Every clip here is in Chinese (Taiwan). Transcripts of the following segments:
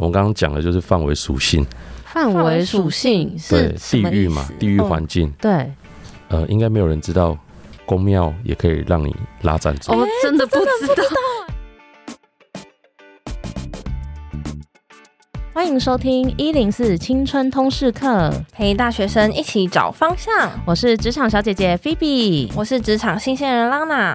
我們剛剛講的就是範圍屬性，範圍屬性對地域嘛，地域環境、哦。對，呃，應該沒有人知道，宮廟也可以讓你拉贊助。哦，真的不知道。歡迎收聽一零四青春通識課，陪大學生一起找方向。我是職場小姐姐菲比，我是職場新鮮人 Lana。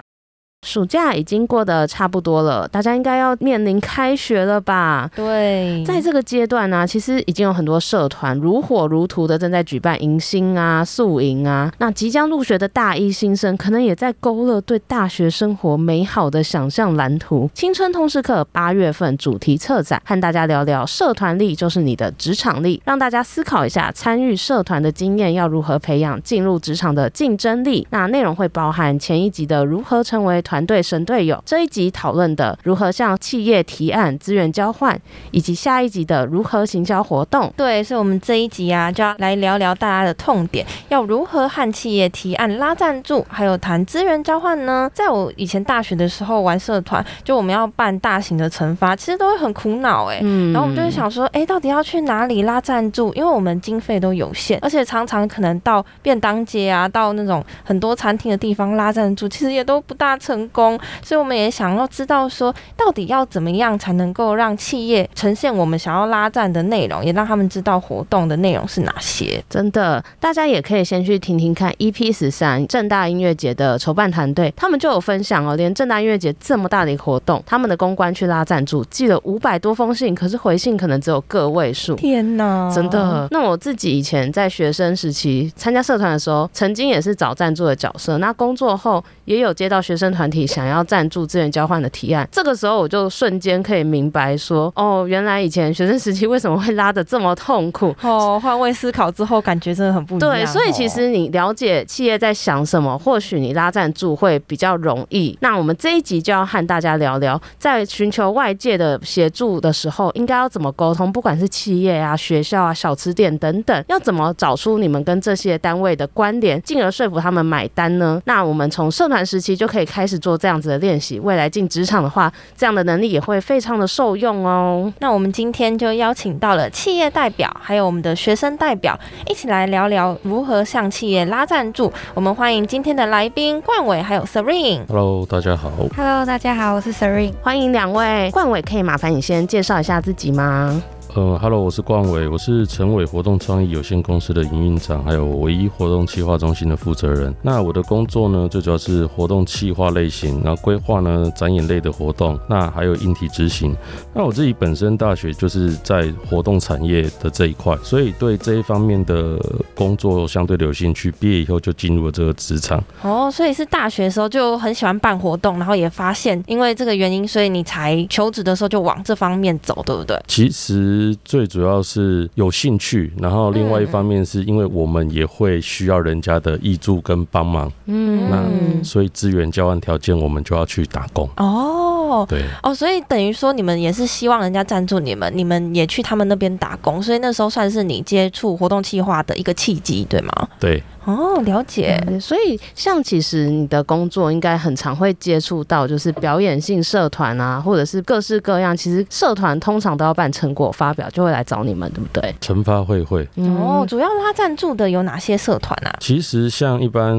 暑假已經過得差不多了，大家應該要面臨開學了吧？對，在這個階段呢、啊，其實已經有很多社團如火如荼的正在舉辦迎新啊、宿營啊。那即將入學的大一新生，可能也在勾勒對大學生活美好的想象藍圖。青春通識課八月份主題策展，和大家聊聊社團力就是你的職場力，讓大家思考一下參與社團的經驗要如何培養進入職場的競爭力。那內容會包含前一集的如何成為團。團隊神隊友，這一集討論的如何向企業提案、資源交換，以及下一集的如何行銷活動。對，所以我們這一集啊，就要來聊聊大家的痛點，要如何和企業提案拉贊助，還有談資源交換呢？在我以前大學的時候玩社團，就我們要辦大型的懲罰，其實都會很苦惱哎、欸。嗯。然後我們就會想說，哎、欸，到底要去哪裡拉贊助？因為我們經費都有限，而且常常可能到便當街啊，到那種很多餐廳的地方拉贊助，其實也都不大成功。工，所以我們也想要知道說，到底要怎麼樣才能夠讓企業呈現我們想要拉贊的內容，也讓他們知道活動的內容是哪些。真的，大家也可以先去聽聽看。EP 十三政大音樂節的籌辦團隊，他們就有分享哦。連政大音樂節這麼大的一個活動，他們的公關去拉贊助，寄了五百多封信，可是回信可能只有個位數。天吶哪，真的。那我自己以前在學生時期參加社團的時候，曾經也是找贊助的角色。那工作後也有接到學生團。體想要贊助資源交換的提案，這個時候我就瞬間可以明白說，哦，原來以前學生時期為什麼會拉得這麼痛苦。哦，換位思考之後，感覺真的很不一樣，哦。對，所以其實你了解企業在想什麼，或許你拉贊助會比較容易。那我們這一集就要和大家聊聊，在尋求外界的協助的時候，應該要怎麼溝通？不管是企業啊、學校啊、小吃店等等，要怎麼找出你們跟這些單位的關聯，進而說服他們買單呢？那我們從社團時期就可以開始。做這樣子的練習，未來進職場的話，這樣的能力也會非常的受用哦。那我們今天就邀請到了企業代表，還有我們的學生代表，一起來聊聊如何向企業拉贊助。我們歡迎今天的來賓冠緯還有 Serene。Hello，大家好。Hello，大家好，我是 Serene。歡迎兩位。冠緯，可以麻煩你先介紹一下自己嗎？呃、嗯、Hello，我是冠緯，我是辰韋活動創意有限公司的營運長，還有韋漪活動企劃中心的負責人。那我的工作呢，最主要是活動企劃類型，然後規劃呢，展演類的活動，那還有硬體執行。那我自己本身大學就是在活動產業的這一塊，所以對這一方面的工作相對有興趣，畢業以後就進入了這個職場。哦，所以是大學的時候就很喜歡辦活動，然後也發現因為這個原因，所以你才求職的時候就往這方面走，對不對？其實。最主要是有興趣，然後另外一方面是因為我們也會需要人家的挹注跟幫忙，嗯，那所以資源交換條件我們就要去打工哦，對哦，所以等於說你們也是希望人家贊助你們，你們也去他們那邊打工，所以那時候算是你接觸活動企劃的一個契機，對嗎？對。哦，了解、嗯。所以像其實你的工作應該很常會接觸到，就是表演性社團啊，或者是各式各樣。其實社團通常都要辦成果發表，就會來找你們，對不對？成發會會。嗯、哦，主要拉贊助的有哪些社團啊？其實像一般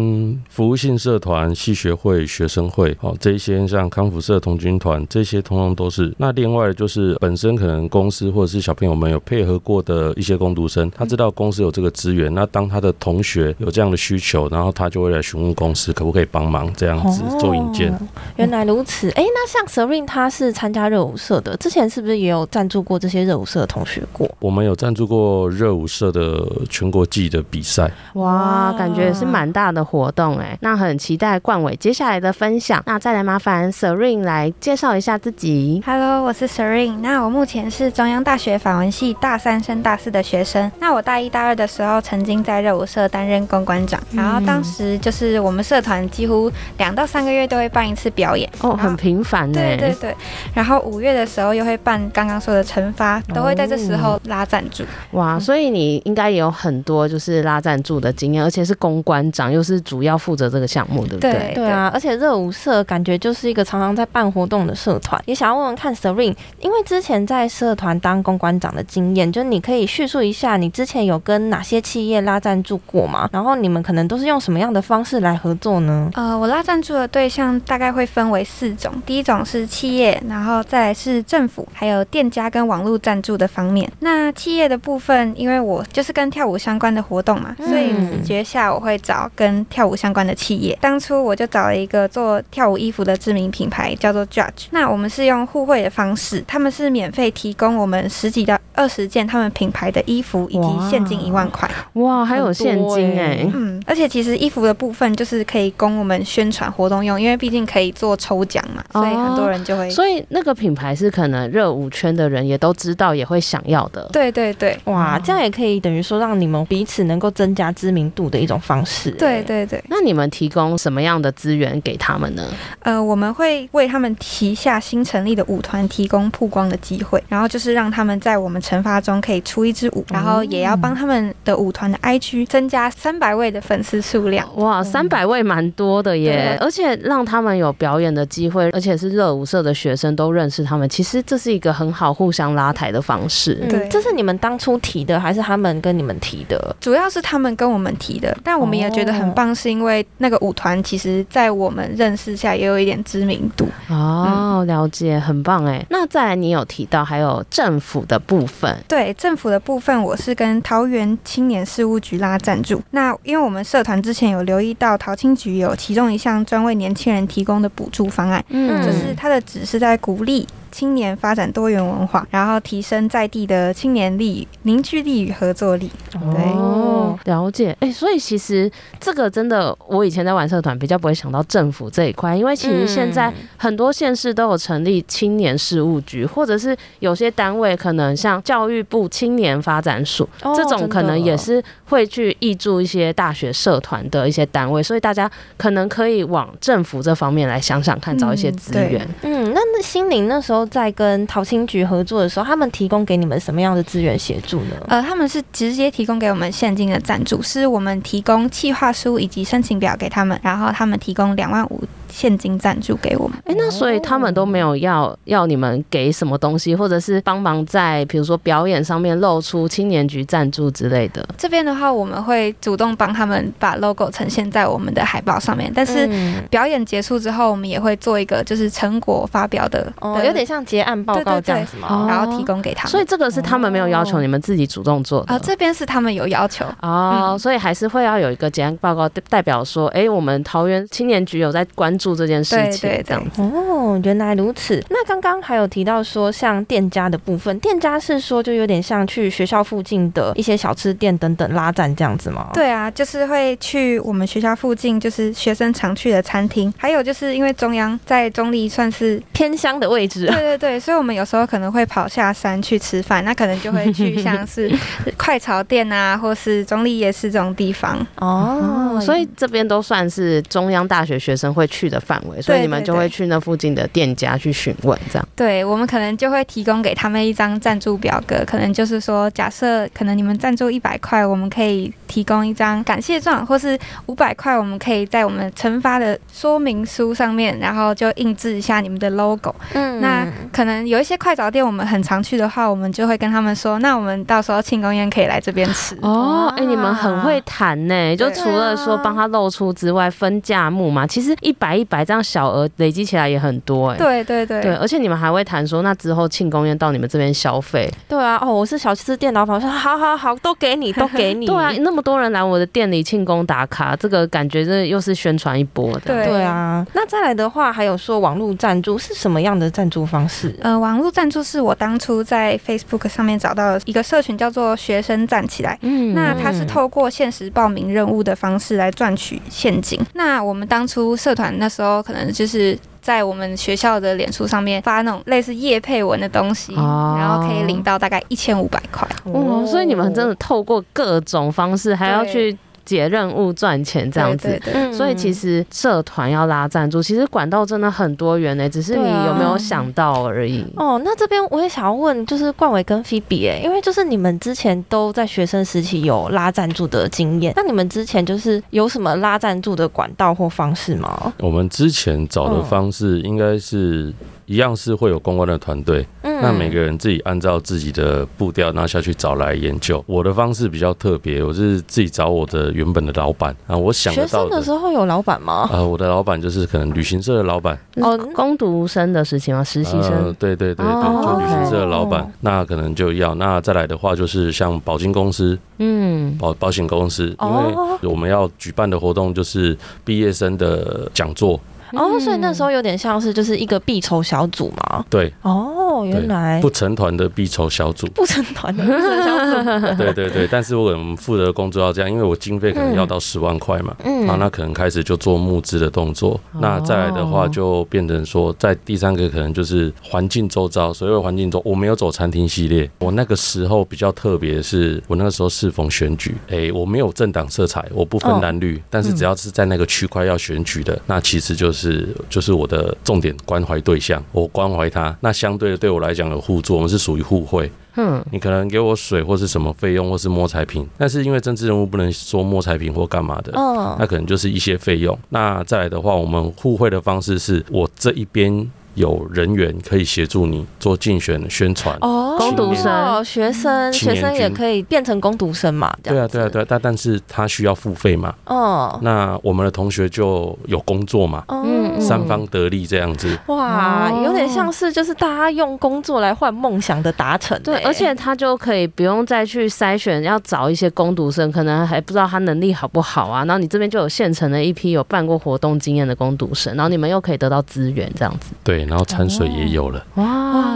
服務性社團、系學會、學生會，哦，這一些像康輔社、童軍團這些，通通都是。那另外就是本身可能公司或者是小朋友們有配合過的一些工讀生，他知道公司有這個資源，那當他的同學有這樣的需求，然後他就會來詢問公司可不可以幫忙這樣子做引薦、哦。原來如此，哎、欸，那像 Serene 他是參加熱舞社的，之前是不是也有贊助過這些熱舞社的同學過？我們有贊助過熱舞社的全國級的比賽。哇，感覺也是蠻大的活動、欸，哎，那很期待冠緯接下來的分享。那再來麻煩 Serene 來介紹一下自己。Hello，我是 Serene 那我目前是中央大學法文系大三升大四的學生。那我大一、大二的時候曾經在熱舞社擔任公司關長，然後當時就是我們社團幾乎兩到三個月都會辦一次表演哦，很頻繁的。對對對，然後五月的時候又會辦剛剛說的成發，都會在這時候拉贊助。哇，所以你應該也有很多就是拉贊助的經驗，而且是公關長，又是主要負責這個項目，對不對？對對啊，而且熱舞社感覺就是一個常常在辦活動的社團。也想要問問看 Serene，因為之前在社團當公關長的經驗，就你可以敘述一下你之前有跟哪些企業拉贊助過嗎？然後你們可能都是用什麼樣的方式來合作呢？呃，我拉贊助的對象大概會分為四種，第一種是企業，然後再來是政府，還有店家跟網絡贊助的方面。那企業的部分，因為我就是跟跳舞相關的活動嘛，嗯、所以直覺下我會找跟跳舞相關的企業。當初我就找了一個做跳舞衣服的知名品牌，叫做 Judge。那我們是用互惠的方式，他們是免費提供我們十幾到二十件他們品牌的衣服以及現金一萬塊。哇，欸、哇，還有現金哎、欸。嗯，而且其實衣服的部分就是可以供我們宣傳活動用，因為畢竟可以做抽獎嘛，所以很多人就會。哦、所以那個品牌是可能熱舞圈的人也都知道，也會想要的。對對對，哇，嗯、這樣也可以等於說讓你們彼此能夠增加知名度的一種方式、欸。對對對。那你們提供什麼樣的資源給他們呢？呃，我們會為他們旗下新成立的舞團提供曝光的機會，然後就是讓他們在我們懲罰中可以出一支舞，嗯、然後也要幫他們的舞團的 IG 增加三百。位的粉絲數量哇，三百位蠻多的耶，嗯、而且讓他們有表演的機會，而且是熱舞社的學生都認識他們，其實這是一個很好互相拉抬的方式。嗯、對，這是你們當初提的，還是他們跟你們提的？主要是他們跟我們提的，但我們也覺得很棒，是因為那個舞團其實在我們認識下也有一點知名度。哦，嗯、了解，很棒耶。那再來，你有提到還有政府的部分。對，政府的部分我是跟桃園青年事務局拉贊助。那因為我們社團之前有留意到，桃青局有其中一項專為年輕人提供的補助方案，嗯，就是它的旨是在鼓勵，青年發展多元文化，然後提升在地的青年力、凝聚力與合作力。對哦，了解哎、欸，所以其實這個真的，我以前在玩社團比較不會想到政府這一塊，因為其實現在很多縣市都有成立青年事務局，嗯、或者是有些單位可能像教育部青年發展署，哦、這種可能也是會去挹注一些大學社團的一些單位，哦、所以大家可能可以往政府這方面來想想看，嗯、找一些資源。對嗯，那心靈那時候。在跟淘青局合作的時候，他們提供給你們什麼樣的資源協助呢？呃，他們是直接提供給我們現金的贊助，是我們提供企劃書以及申請表給他們，然後他們提供兩萬五。現金贊助給我們，哎、欸，那所以他們都沒有要要你們給什麼東西，或者是幫忙在比如說表演上面露出青年局贊助之類的？這邊的話，我們會主動幫他們把 logo 呈現在我們的海報上面。但是表演結束之後，我們也會做一個就是成果發表的，嗯、對有點像結案報告這樣子嘛，然後提供給他們、哦。所以這個是他們沒有要求你們自己主動做的。啊、哦，這邊是他們有要求哦，所以還是會要有一個結案報告代表說，哎、欸，我們桃園青年局有在關注。做這件事情對這樣子。對對對對。哦，原來如此。那剛剛還有提到說，像店家的部分，店家是說就有點像去學校附近的一些小吃店等等拉贊這樣子嗎？對啊，就是會去我們學校附近，就是學生常去的餐廳。還有就是因為中央在中壢算是偏鄉的位置，對對對，所以我們有時候可能會跑下山去吃飯，那可能就會去像是快炒店啊， 或是中壢夜市這種地方。哦，所以這邊都算是中央大學學生會去的範圍，所以你們就會去那附近的店家去詢問，這樣對對對。對，我們可能就會提供給他們一張贊助表格，可能就是說，假設可能你們贊助一百塊，我們可以提供一張感謝狀，或是五百塊，我們可以在我們成發的說明書上面，然後就印製一下你們的 logo。嗯，那可能有一些快炒店我們很常去的話，我們就會跟他們說，那我們到時候慶功宴可以來這邊吃。哦，哎、欸，你們很會談呢、欸，就除了說幫他露出之外，分價目嘛，其實一百。一百這樣小額累積起來也很多哎、欸，對對對，對，而且你們還會談說，那之後慶功宴到你們這邊消費，對啊，哦，我是小吃店老闆，我說好好好，都給你，都給你， 對啊，那麼多人來我的店裡慶功打卡，這個感覺這又是宣傳一波的，對啊，那再來的話，還有說網絡贊助是什麼樣的贊助方式？呃，網絡贊助是我當初在 Facebook 上面找到的一個社群，叫做“學生站起來”，嗯，那它是透過限時報名任務的方式來賺取現金。嗯、那我們當初社團那。那時候可能就是在我們學校的臉書上面發那種類似業配文的東西，然後可以領到大概一千五百塊。哦、嗯，所以你們真的透過各種方式還要去。接任務賺錢這樣子，對對對，所以其實社團要拉贊助，嗯、其實管道真的很多元呢、欸，只是你有沒有想到而已。啊、哦，那這邊我也想要問，就是冠緯跟菲比誒、欸，因為就是你們之前都在學生時期有拉贊助的經驗，那你們之前就是有什麼拉贊助的管道或方式嗎？我們之前找的方式應該是、嗯。一樣是會有公關的團隊，嗯、那每個人自己按照自己的步調，拿下去找來研究。我的方式比較特別，我是自己找我的原本的老闆啊。我想得到學生的時候有老闆嗎？啊、呃，我的老闆就是可能旅行社的老闆哦。工讀生的事情啊，實習生、呃？對對對對，哦、就旅行社的老闆，哦、那可能就要那再來的話，就是像保金公司，嗯，保保險公司，因為我們要舉辦的活動就是畢業生的講座。哦，所以那時候有點像是就是一個必籌小組嘛。對。哦，原來不成團的必籌小組。不成團的必籌小組。 對對對，但是我們負責的工作要這樣，因為我經費可能要到十萬塊嘛，嗯。啊，那可能開始就做募資的動作。嗯、那再來的話，就變成說，在第三個可能就是環境周遭所有環境中，我沒有走餐廳系列。我那個時候比較特別的是，我那個時候適逢選舉，哎、欸，我沒有政黨色彩，我不分藍綠，哦、但是只要是在那個區塊要選舉的，那其實就是。是，就是我的重點關懷對象，我關懷他，那相對的對我來講的互助，我們是屬於互惠。嗯，你可能給我水或是什麼費用，或是摸彩品，但是因為政治人物不能說摸彩品或幹嘛的，那可能就是一些費用。那再來的話，我們互惠的方式是我這一邊。有人員可以協助你做競選宣傳哦，工讀生、年哦、學生、學生也可以變成工讀生嘛？對啊，對，啊對啊，對啊，對啊，但但是他需要付費嘛？哦，那我們的同學就有工作嘛？嗯，三方得利這樣子。哇，有點像是就是大家用工作來換夢想的達成。對，而且他就可以不用再去篩選要找一些工讀生，可能還不知道他能力好不好啊。然後你這邊就有現成的一批有辦過活動經驗的工讀生，然後你們又可以得到資源這樣子。對。然後摻水也有了哇，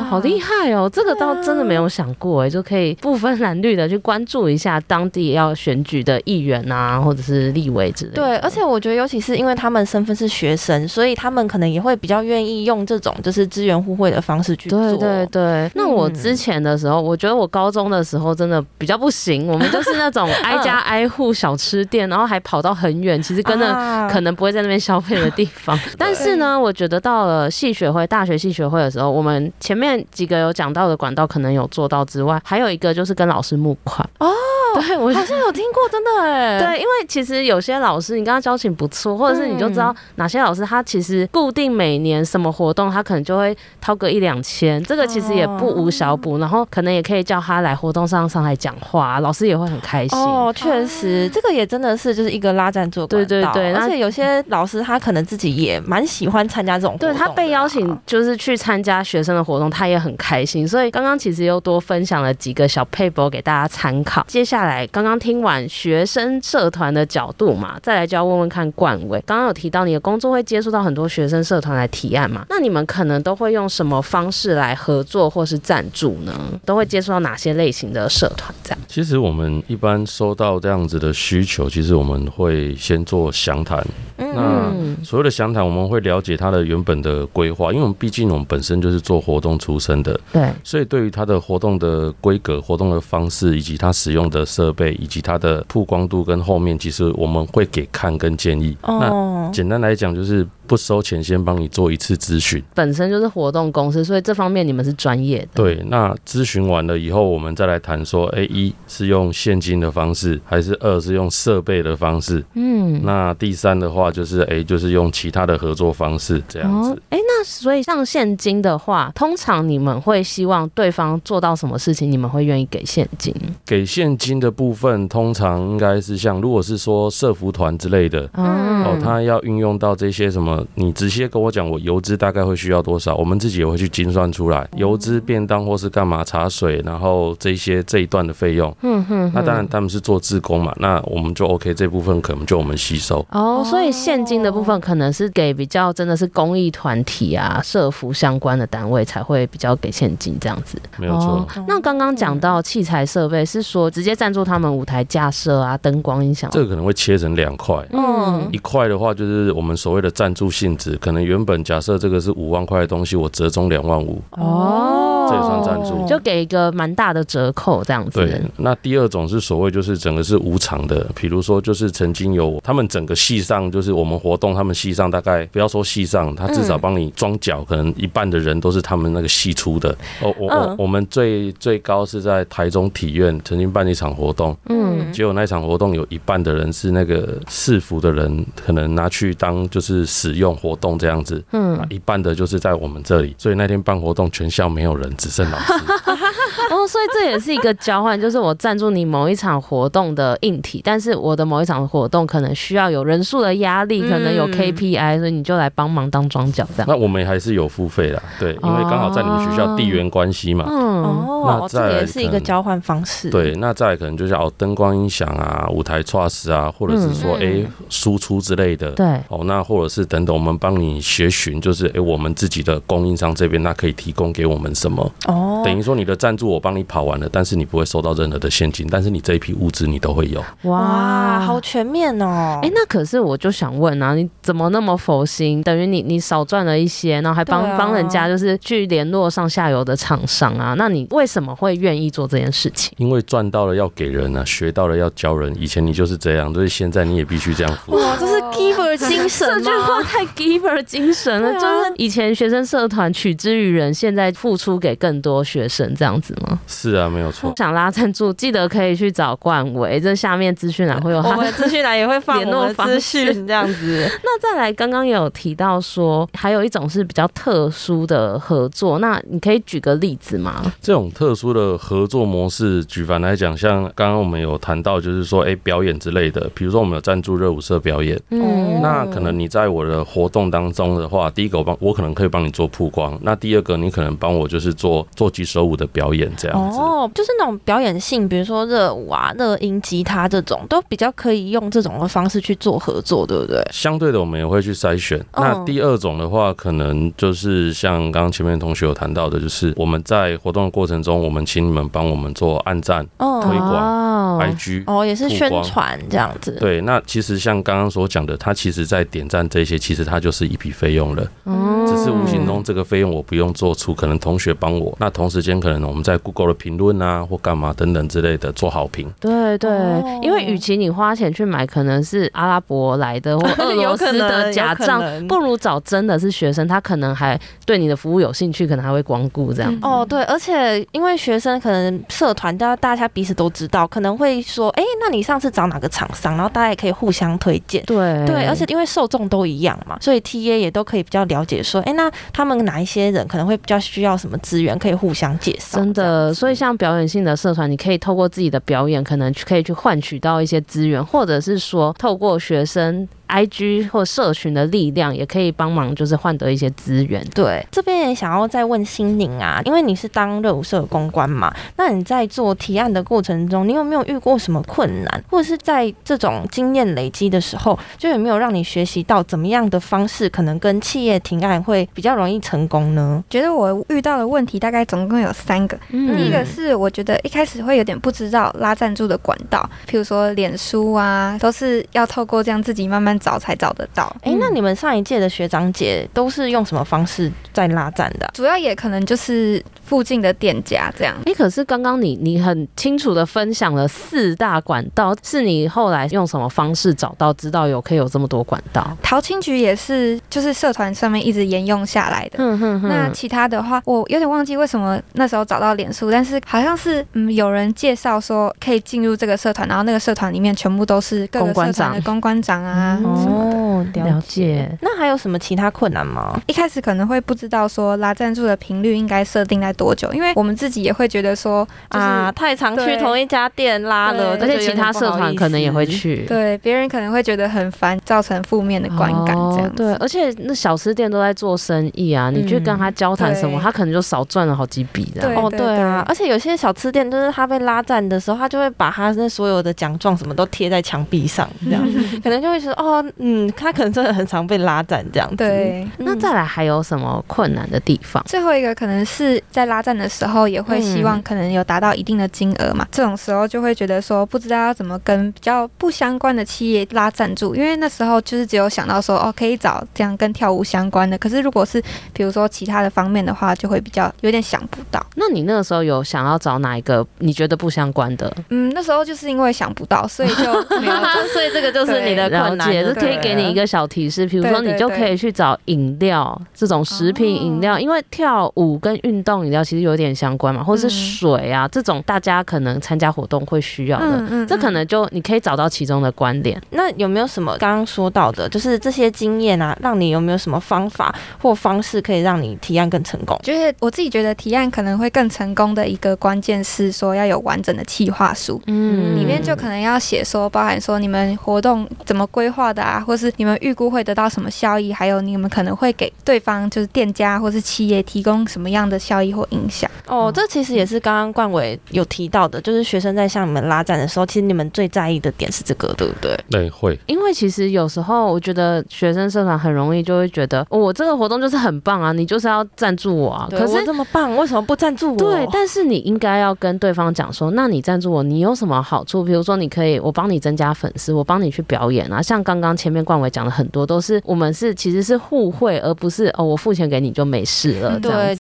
好厲害哦！這個倒真的沒有想過哎，啊、就可以不分藍綠的去關注一下當地要選舉的議員啊，或者是立委之類的。對，而且我覺得，尤其是因為他們身份是學生，所以他們可能也會比較願意用這種就是資源互惠的方式去做。對對對。那我之前的時候，嗯、我覺得我高中的時候真的比較不行，我們就是那種挨家挨戶小吃店， 啊、然後還跑到很遠，其實根本可能不會在那邊消費的地方。啊、但是呢，欸、我覺得到了系學會。大學系學會的時候，我們前面幾個有講到的管道可能有做到之外，還有一個就是跟老師募款哦。對我好像有聽過，真的哎，對，因為其實有些老師你跟他交情不錯，或者是你就知道哪些老師他其實固定每年什麼活動，他可能就會掏個一兩千，這個其實也不無小補。哦、然後可能也可以叫他來活動上上台講話，啊，老師也會很開心哦，確實、嗯、這個也真的是就是一個拉贊助，對對對，而且有些老師他可能自己也蠻喜歡參加這種，對他被邀請。就是去參加學生的活動，他也很開心。所以剛剛其實又多分享了幾個小撇步給大家參考。接下來剛剛聽完學生社團的角度嘛，再來就要問問看冠緯。剛剛有提到你的工作會接觸到很多學生社團來提案嘛？那你們可能都會用什麼方式來合作或是贊助呢？都會接觸到哪些類型的社團？這樣，其實我們一般收到這樣子的需求，其實我們會先做詳談。嗯、那所有的詳談，我們會了解他的原本的規劃，因為畢竟我們本身就是做活動出身的，對，所以對於它的活動的規格、活動的方式，以及它使用的設備，以及它的曝光度跟後面，其實我們會給看跟建議。那簡單來講，就是。不收錢，先幫你做一次諮詢。本身就是活動公司，所以這方面你們是專業的。對，那諮詢完了以後，我們再來談說：，誒、欸，一是用現金的方式，還是二是用設備的方式？嗯，那第三的話就是，誒、欸，就是用其他的合作方式這樣子。哎、哦欸，那所以像現金的話，通常你們會希望對方做到什麼事情，你們會願意給現金？給現金的部分，通常應該是像，如果是說社服團之類的，哦，哦，他要運用到這些什麼？你直接跟我講，我油資大概會需要多少？我們自己也會去精算出來，油資便當或是幹嘛茶水，然後這些這一段的費用。嗯哼，哼。那當然他們是做志工嘛，那我們就 OK 這部分可能就我們吸收。哦，所以現金的部分可能是給比較真的是公益團體啊、社福相關的單位才會比較給現金這樣子。沒有錯。哦、那剛剛講到器材設備，是說直接贊助他們舞台架設啊、燈光音響，這個可能會切成兩塊。嗯，一塊的話就是我們所謂的贊助。性質可能原本假設這個是五萬塊的東西，我折中兩萬五哦，這也算贊助，就給一個蠻大的折扣這樣子。對，那第二種是所謂就是整個是無償的，比如說就是曾經有他們整個系上就是我們活動，他們系上大概不要說系上，他至少幫你裝腳，嗯、可能一半的人都是他們那個系出的。哦、oh, oh, oh, 嗯，我我我們最最高是在台中體院曾經辦一場活動，嗯，結果那一場活動有一半的人是那個系服的人，可能拿去當就是使用。用活動這樣子，嗯，一半的就是在我們這裡，所以那天辦活動全校沒有人，只剩老師。 哦， oh, 所以這也是一個交換，就是我贊助你某一場活動的硬體，但是我的某一場活動可能需要有人數的壓力，可能有 KPI、嗯、所以你就來幫忙當樁腳這樣。那我們還是有付費的，對，因為剛好在你們學校地緣關係嘛。哦，這也是一個交換方式。對，那再可能就是哦燈光音響啊、舞台 truss 啊，或者是說哎輸、嗯、欸、出之類的。對，哦，那或者是等等，我們幫你協尋，就是哎、欸、我們自己的供應商這邊，那可以提供給我們什麼？哦，等於說你的贊助。我幫你跑完了，但是你不會收到任何的現金，但是你這一批物資你都會有。哇，哇，好全面哦！哎、欸，那可是我就想問啊，你怎麼那麼佛心？等於你你少賺了一些，然後還幫幫、啊、人家，就是去聯絡上下游的廠商啊。那你為什麼會願意做這件事情？因為賺到了要給人啊，學到了要教人。以前你就是這樣，所以現在你也必須這樣服務。哇，這是 giver 精神， 這句話太 giver 精神了。啊、就是以前學生社團取之於人，現在付出給更多學生，這樣子。是啊，沒有錯。我想拉贊助，記得可以去找冠緯，這下面資訊欄會有他的資訊欄，也會放聯絡資訊這樣子。 那再來，剛剛有提到說，還有一種是比較特殊的合作，那你可以舉個例子嗎？這種特殊的合作模式，舉凡來講，像剛剛我們有談到，就是說，哎、欸，表演之類的，比如說我們有贊助熱舞社表演，嗯，那可能你在我的活動當中的話，第一個我幫，我可能可以幫你做曝光，那第二個，你可能幫我就是做做幾首舞的表演。哦，oh, 就是那種表演性，比如說熱舞啊、熱音、吉他這種，都比較可以用這種的方式去做合作，對不對？相對的，我們也會去篩選。Oh. 那第二種的話，可能就是像剛剛前面同學有談到的，就是我們在活動的過程中，我們請你們幫我們做按讚、推廣、IG，哦，oh, 也是宣傳這樣子。對，那其實像剛剛所講的，他其實在點讚這些，其實他就是一筆費用了，oh. 只是無形中這個費用我不用做出，可能同學幫我，那同時間可能我們在。Google 的評論啊，或幹嘛等等之類的，做好評。對，對對，因為與其你花錢去買，可能是阿拉伯來的或者俄羅斯的假賬， 不如找真的是學生，他可能還對你的服務有興趣，可能還會光顧這樣、嗯、哦，對，而且因為學生可能社團大家彼此都知道，可能會說，哎、欸，那你上次找哪個廠商？然後大家也可以互相推薦。對對，而且因為受眾都一樣嘛，所以 TA 也都可以比較了解，說，哎、欸，那他們哪一些人可能會比較需要什麼資源，可以互相介紹。真的。呃，所以像表演性的社團，你可以透過自己的表演，可能去可以去換取到一些資源，或者是說透過學生。I G 或社群的力量也可以幫忙，就是換得一些資源。對，這邊也想要再問心寧啊，因為你是當熱舞社的公關嘛，那你在做提案的過程中，你有沒有遇過什麼困難，或者是在這種經驗累積的時候，就有沒有讓你學習到怎麼樣的方式，可能跟企業提案會比較容易成功呢？覺得我遇到的問題大概總共有三個，第、嗯、一個是我覺得一開始會有點不知道拉贊助的管道，譬如說臉書啊，都是要透過這樣自己慢慢。找才找得到。哎、欸，那你們上一屆的學長姐都是用什麼方式在拉贊？的？主要也可能就是附近的店家這樣。哎、欸，可是剛剛你你很清楚的分享了四大管道，是你後來用什麼方式找到，知道有可以有這麼多管道？桃青局也是，就是社團上面一直沿用下來的。嗯嗯嗯、那其他的話，我有點忘記為什麼那時候找到臉書，但是好像是、嗯、有人介紹說可以進入這個社團，然後那個社團裡面全部都是各個社團的公關長、公關長啊。哦。了解，了解，那還有什麼其他困難嗎？一開始可能會不知道說拉贊助的頻率應該設定在多久，因為我們自己也會覺得說啊，太常去同一家店拉了，對而且其他社團可能也會去，對，別人可能會覺得很煩，造成負面的觀感，這樣子、哦、對。而且那小吃店都在做生意啊，你去跟他交談什麼，嗯、他可能就少賺了好幾筆的哦。對啊，而且有些小吃店就是他被拉贊的時候，他就會把他那所有的獎狀什麼都貼在牆壁上，這樣子 可能就會說哦，嗯，看。他可能真的很常被拉贊這樣子。對，嗯、那再來還有什麼困難的地方？最後一個可能是在拉贊的時候，也會希望可能有達到一定的金額嘛。嗯、這種時候就會覺得說，不知道要怎麼跟比較不相關的企業拉贊助，因為那時候就是只有想到說，哦，可以找這樣跟跳舞相關的。可是如果是比如說其他的方面的話，就會比較有點想不到。那你那個時候有想要找哪一個你覺得不相關的？嗯，那時候就是因為想不到，所以就沒有、就是。 所以這個就是你的困難，也是可以給你一個。一個小提示，比如說你就可以去找飲料這種食品飲料，因為跳舞跟運動飲料其實有點相關嘛，或者是水啊這種大家可能參加活動會需要的，嗯嗯嗯，這可能就你可以找到其中的觀點。那有沒有什麼剛剛說到的，就是這些經驗啊，讓你有沒有什麼方法或方式可以讓你提案更成功？就是我自己覺得提案可能會更成功的一個關鍵是說要有完整的企劃書，嗯，裡面就可能要寫說包含說你們活動怎麼規劃的啊，或是。你們預估會得到什麼效益？還有你們可能會給對方，就是店家或是企業提供什麼樣的效益或影響？哦，這其實也是剛剛冠緯有提到的，就是學生在向你們拉贊的時候，其實你們最在意的點是這個，對不對？對，會。因為其實有時候我覺得學生社團很容易就會覺得、哦，我這個活動就是很棒啊，你就是要贊助我啊。對可是我這麼棒，為什麼不贊助我？對，但是你應該要跟對方講說，那你贊助我，你有什麼好處？比如說你可以，我幫你增加粉絲，我幫你去表演啊。像剛剛前面冠緯。講了很多，都是我們是其實是互惠，而不是哦，我付錢給你就沒事了，這樣子。對，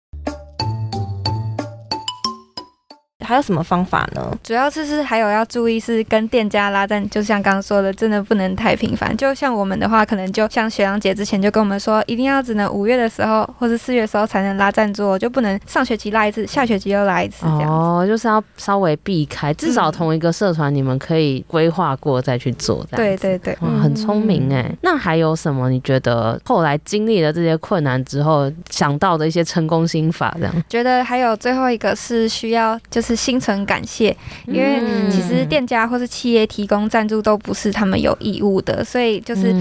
還有什麼方法呢？主要是是還有要注意是跟店家拉贊，就像剛剛說的，真的不能太頻繁。就像我們的話，可能就像學長姐之前就跟我們說，一定要只能五月的時候或者四月的時候才能拉贊助，就不能上學期拉一次，下學期又拉一次這樣哦，就是要稍微避開，至少同一個社團你們可以規劃過再去做這樣、嗯。對對對，哇，很聰明哎、欸。嗯、那還有什麼？你覺得後來經歷了這些困難之後，想到的一些成功心法這樣？覺得還有最後一個是需要就是。心存感謝，因為其實店家或是企業提供贊助都不是他們有義務的，所以就是，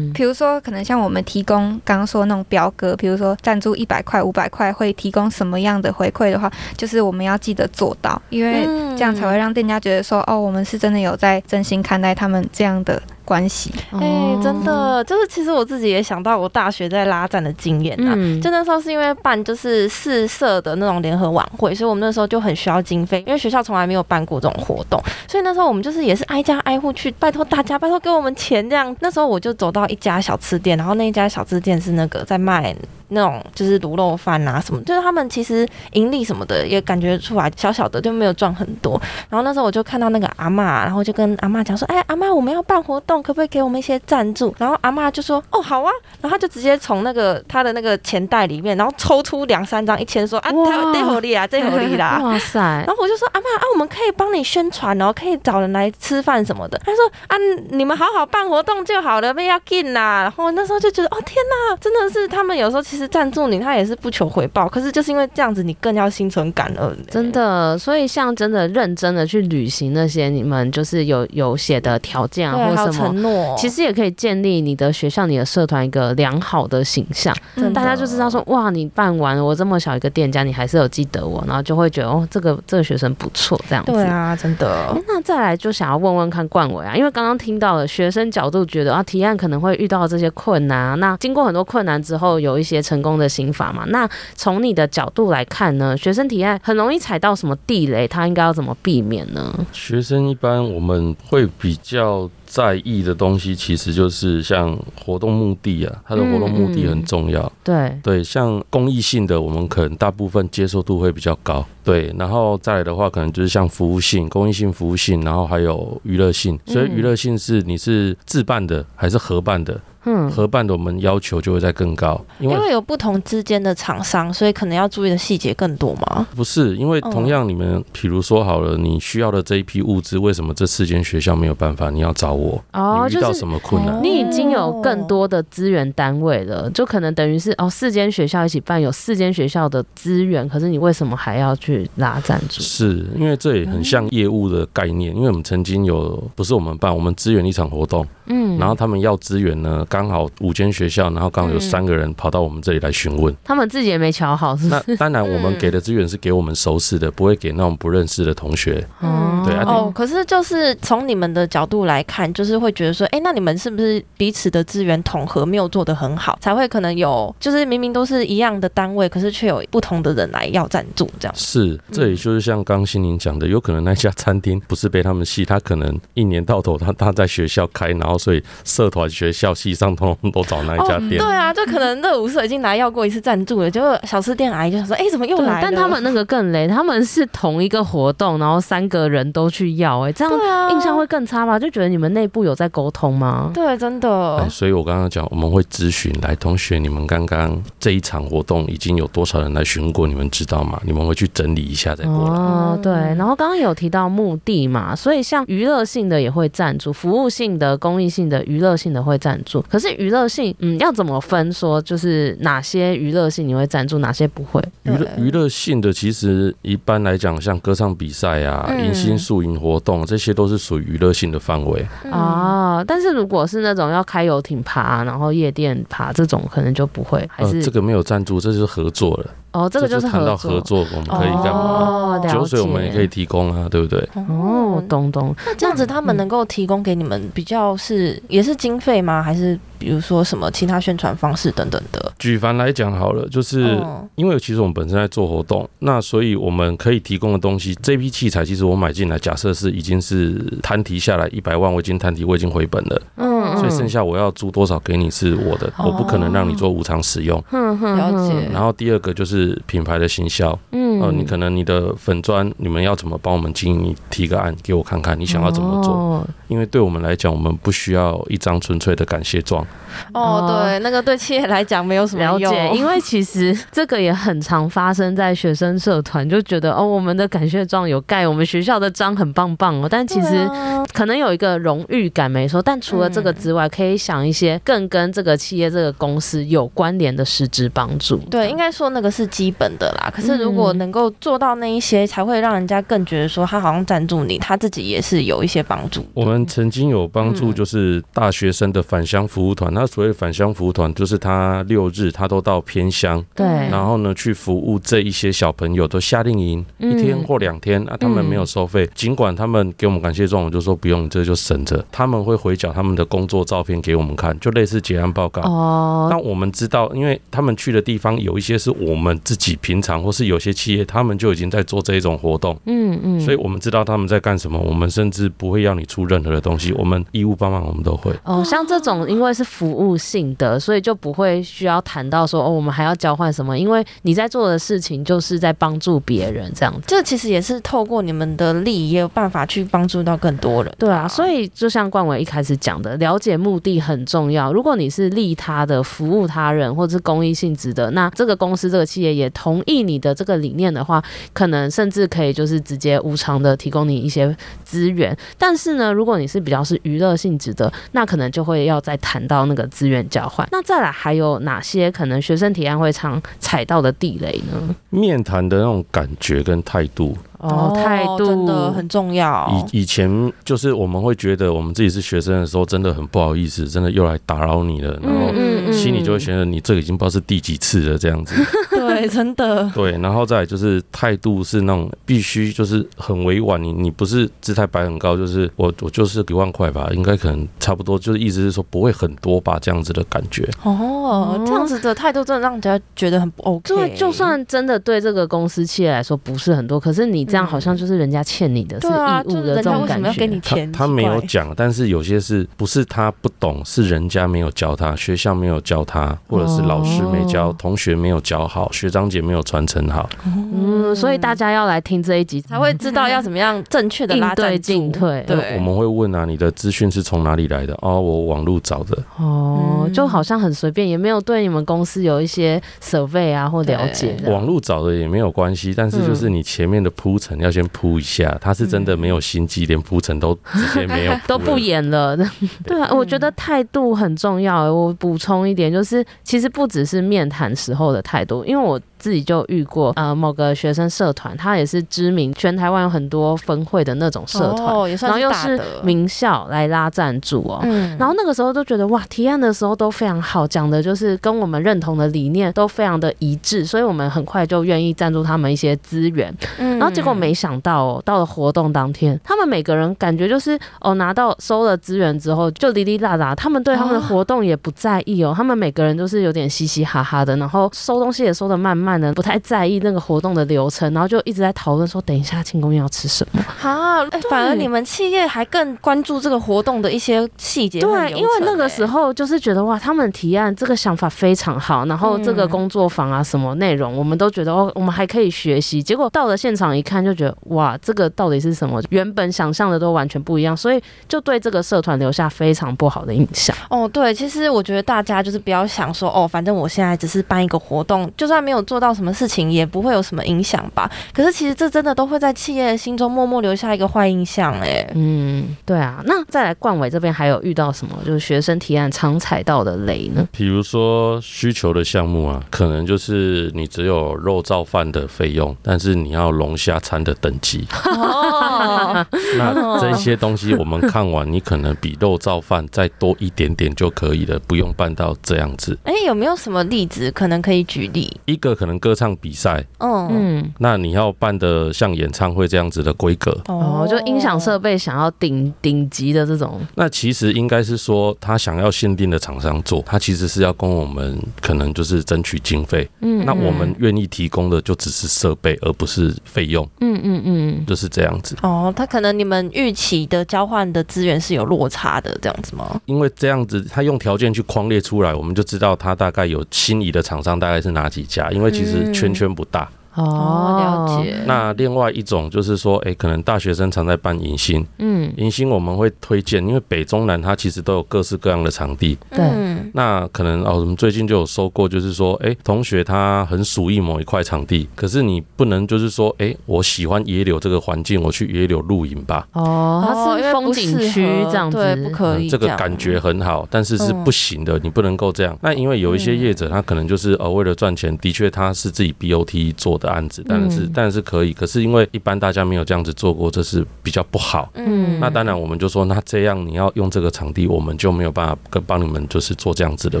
比如說可能像我們提供剛剛說那種表格，比如說贊助一百塊、五百塊會提供什麼樣的回饋的話，就是我們要記得做到，因為這樣才會讓店家覺得說哦，我們是真的有在真心看待他們這樣的。關係，哎、欸，真的就是，其實我自己也想到我大學在拉贊的經驗、啊、嗯，就那時候是因為辦就是四社的那種聯合晚會，所以我們那時候就很需要經費，因為學校從來沒有辦過這種活動，所以那時候我們就是也是挨家挨戶去拜托大家，拜托給我們錢這樣。那時候我就走到一家小吃店，然後那一家小吃店是那個在賣。那種就是滷肉飯吶，什麼就是他們其實盈利什麼的也感覺出來小小的，就沒有賺很多。然後那時候我就看到那個阿嬤，然後就跟阿嬤講說：“哎、欸，阿嬤，我們要辦活動，可不可以給我們一些贊助？”然後阿嬤就說：“哦，好啊。”然後他就直接從那個他的那個錢袋裡面，然後抽出兩三張一千，說：“啊，這火利啊，這火利啦！” 哇塞！然後我就說：“阿嬤啊，我們可以幫你宣傳，然後可以找人來吃飯什麼的。”他說：“啊，你們好好辦活動就好了，不要勁啦。”然後那時候就覺得：“哦天吶，真的是他們有時候其實。”其實贊助你，他也是不求回報，可是就是因為這樣子，你更要心存感恩，真的。所以像真的認真的去履行那些你們就是有有寫的條件啊，對或者什麼，承諾。其實也可以建立你的學校、你的社團一個良好的形象，的大家就知道說哇，你辦完了我這麼小一個店家，你還是有記得我，然後就會覺得哦，這個這個學生不錯，這樣子。對啊，真的、欸。那再來就想要問問看冠緯啊，因為剛剛聽到了學生角度覺得啊，提案可能會遇到這些困難，那經過很多困難之後，有一些。成功的心法嘛？那從你的角度來看呢？學生提案很容易踩到什麼地雷？他應該要怎麼避免呢？學生一般我們會比較在意的東西，其實就是像活動目的啊，他的活動目的很重要。嗯嗯對對，像公益性的，我們可能大部分接受度會比較高。對，然後再來的話，可能就是像服務性、公益性、服務性，然後還有娛樂性。所以娛樂性是你是自辦的還是合辦的？嗯，合辦的我們要求就會再更高，因為，因為有不同之間的廠商，所以可能要注意的細節更多嗎？不是，因為同樣你們，比如、嗯、說好了，你需要的這一批物資，為什麼這四間學校沒有辦法？你要找我，哦、你遇到什麼困難？就是、你已經有更多的資源單位了，哦、就可能等於是哦，四間學校一起辦，有四間學校的資源，可是你為什麼還要去拉贊助？是因為這也很像業務的概念，嗯、因為我們曾經有不是我們辦，我們支援一場活動，嗯，然後他們要支援呢。剛好五間學校，然後剛好有三個人跑到我們這裡來詢問，他們自己也沒瞧好，是，那當然我們給的資源是給我們熟識的，嗯、不會給那種不認識的同學。哦，對啊。哦，可是就是從你們的角度來看，就是會覺得說，哎、欸，那你們是不是彼此的資源統合沒有做得很好，才會可能有就是明明都是一樣的單位，可是卻有不同的人來要贊助這樣。是，這也就是像剛欣寧講的，有可能那家餐廳不是被他們系，他可能一年到頭他他在學校開，然後所以社團學校系上。通通都找那一家店。oh, 對啊，就可能熱舞社已經來要過一次贊助了， 就小吃店阿姨就說，哎、欸，怎麼又來？但他們那個更雷，他們是同一個活動，然後三個人都去要。欸，哎，這樣印象會更差嗎？就覺得你們內部有在溝通嗎？對，真的。哎、欸，所以我剛剛講，我們會諮詢來同學，你們剛剛這一場活動已經有多少人來詢過？你們知道嗎？你們回去整理一下再過來。哦，對。然後剛剛有提到目的嘛，所以像娛樂性的也會贊助，服務性的公益性的娛樂性的會贊助。可是娛樂性，嗯，要怎麼分？說就是哪些娛樂性你會贊助，哪些不會？娛娛樂性的其實一般來講，像歌唱比賽啊、迎新宿營活動，這些都是屬於娛樂性的範圍啊。但是如果是那種要開遊艇爬，然後夜店爬這種，可能就不會。還是？呃，這個沒有贊助，這就是合作了。哦，這個就是談到合作，我們可以幹嘛？酒水我們也可以提供啊，對不對？哦，懂懂。那這樣子，他們能夠提供給你們比較是也是經費嗎？還是比如說什麼其他宣傳方式等等的？舉凡來講好了，就是因為其實我們本身在做活動，那所以我們可以提供的東西，這批器材其實我買進來，假設是已經是攤提下來一百萬，我已經攤提，我已經回本了。嗯嗯。所以剩下我要租多少給你是我的，我不可能讓你做無償使用。了解。然後第二個就是。品牌的行銷，嗯、啊，你可能你的粉專，你們要怎麼幫我們經營？你提個案給我看看，你想要怎麼做？哦，因為對我們來講，我們不需要一張純粹的感謝狀。哦，對，那個對企業來講沒有什麼了解，因為其實這個也很常發生在學生社團，就覺得哦，我們的感謝狀有蓋我們學校的章，很棒棒哦。但其實可能有一個榮譽感沒說，但除了這個之外，可以想一些更跟這個企業這個公司有關聯的實質幫助。對，應該說那個是基本的啦。可是如果能夠做到那一些，才會讓人家更覺得說他好像贊助你，他自己也是有一些幫助。我們曾經有幫助就是大學生的返鄉服務團，那所謂返鄉服務團，就是他六日他都到偏鄉，對，然後呢去服務這一些小朋友都下，都夏令營一天或兩天，那、啊、他們沒有收費，嗯、儘管他們給我們感謝狀，我們就說不用，你這就省着。他們會回繳他們的工作照片給我們看，就類似結案報告。哦，那我們知道，因為他們去的地方有一些是我們自己平常或是有些企業，他們就已經在做這一種活動。嗯嗯，嗯，所以我們知道他們在幹什麼，我們甚至不會要你出任何的東西，我們義務幫忙我們都會。哦，像這種因為是服服務性的，所以就不會需要談到說哦，我們還要交換什麼？因為你在做的事情就是在幫助別人，這樣子，這其實也是透過你們的利益也有辦法去幫助到更多人。對啊，所以就像冠緯一開始講的，了解目的很重要。如果你是利他的服務他人，或者是公益性質的，那這個公司這個企業也同意你的這個理念的話，可能甚至可以就是直接無償的提供你一些資源。但是呢，如果你是比較是娛樂性質的，那可能就會要再談到那個。個資源交換，那再來還有哪些可能？學生提案會常踩到的地雷呢？面談的那種感覺跟態度。哦，態度、哦、真的很重要。以以前就是我們會覺得，我們自己是學生的時候，真的很不好意思，真的又來打擾你了，嗯、然後心裡就會覺得你這個已經不知道是第幾次了這樣子。嗯、對，真的。對，然後再來就是態度是那種必須就是很委婉，你你不是姿態擺很高，就是我我就是一萬塊吧，應該可能差不多，就是意思是說不會很多吧這樣子的感覺。哦，這樣子的態度真的讓人家覺得很不 OK。就就算真的對這個公司企業來說不是很多，可是你。這樣好像就是人家欠你的，嗯、是義務的這種感覺，人家為什麼要給你錢？他、他沒有講，但是有些事不是他不懂，是人家沒有教他，學校沒有教他，或者是老師沒教，哦、同學沒有教好，學長姐沒有傳承好。嗯，所以大家要來聽這一集，才會知道要怎麼樣正確的應對進退。對，對對對，我們會問啊，你的資訊是從哪裡來的？哦、oh，我網絡找的。哦、嗯，就好像很隨便，也沒有對你們公司有一些 survey 啊或了解。網絡找的也沒有關係，但是就是你前面的鋪。鋪陳要先鋪一下，他是真的沒有心機，嗯、連鋪陳都直接沒有，啊， 都不演了。 對啊，嗯、我覺得態度很重要。我補充一點，就是其實不只是面談時候的態度，因為我。自己就遇過，呃，某個學生社團，他也是知名，全台灣有很多分會的那種社團，哦、也是然後又是名校來拉贊助哦，嗯、然後那個時候都覺得哇，提案的時候都非常好，講的就是跟我們認同的理念都非常的一致，所以我們很快就願意贊助他們一些資源，嗯、然後結果沒想到哦，到了活動當天，他們每個人感覺就是哦，拿到收了資源之後就哩哩啦啦，他們對他們的活動也不在意哦，哦，他們每個人都是有點嘻嘻哈哈的，然後收東西也收的慢慢。可能不太在意那個活動的流程，然後就一直在討論說，等一下慶功宴要吃什麼啊、欸。反而你們企業還更關注這個活動的一些細節。欸。對，因為那個時候就是覺得哇，他們提案這個想法非常好，然後這個工作坊啊什麼內容，嗯、我們都覺得哦，我們還可以學習。結果到了現場一看，就覺得哇，這個到底是什麼？原本想象的都完全不一樣，所以就對這個社團留下非常不好的印象。哦，對，其實我覺得大家就是不要想說哦，反正我現在只是辦一個活動，就算沒有做。做到什麼事情也不會有什麼影響吧？可是其實這真的都會在企業的心中默默留下一個壞印象哎、欸。嗯，對啊。那再來，冠緯這邊還有遇到什麼就是學生提案常踩到的雷呢？比如說需求的項目啊，可能就是你只有肉燥飯的費用，但是你要龍蝦餐的等級。 那這些東西我們看完， 你可能比肉燥飯再多一點點就可以了，不用辦到這樣子。哎、欸，有沒有什麼例子可能可以舉例？一個可能。可能歌唱比賽，嗯嗯，那你要辦的像演唱會這樣子的規格，哦，就音響設備想要頂頂級的這種。那其實應該是說，他想要限定的廠商做，他其實是要跟我們可能就是爭取經費，嗯，那我們願意提供的就只是設備，而不是費用，嗯嗯嗯，嗯嗯就是這樣子。哦，他可能你們預期的交換的資源是有落差的這樣子嗎？因為這樣子，他用條件去框列出來，我們就知道他大概有心儀的廠商大概是哪幾家，因為、嗯。其實圈圈不大。哦，了解。那另外一種就是說，哎、欸，可能大學生常在辦迎新，嗯，迎新我們會推薦，因為北中南它其實都有各式各樣的場地。對、嗯。那可能哦，我們最近就有收過，就是說，哎、欸，同學他很屬意某一塊場地，可是你不能就是說，哎、欸，我喜歡野柳這個環境，我去野柳露營吧。哦，它是風景區這樣子，嗯、對不可以、嗯。這個感覺很好，但是是不行的，哦、你不能夠這樣。那因為有一些業者他可能就是呃為了賺錢，的確他是自己 BOT 做的。案子，但是但是可以，可是因為一般大家沒有這樣子做過，這是比較不好。嗯，那當然我們就說，那這樣你要用這個場地，我們就沒有辦法跟幫你們就是做這樣子的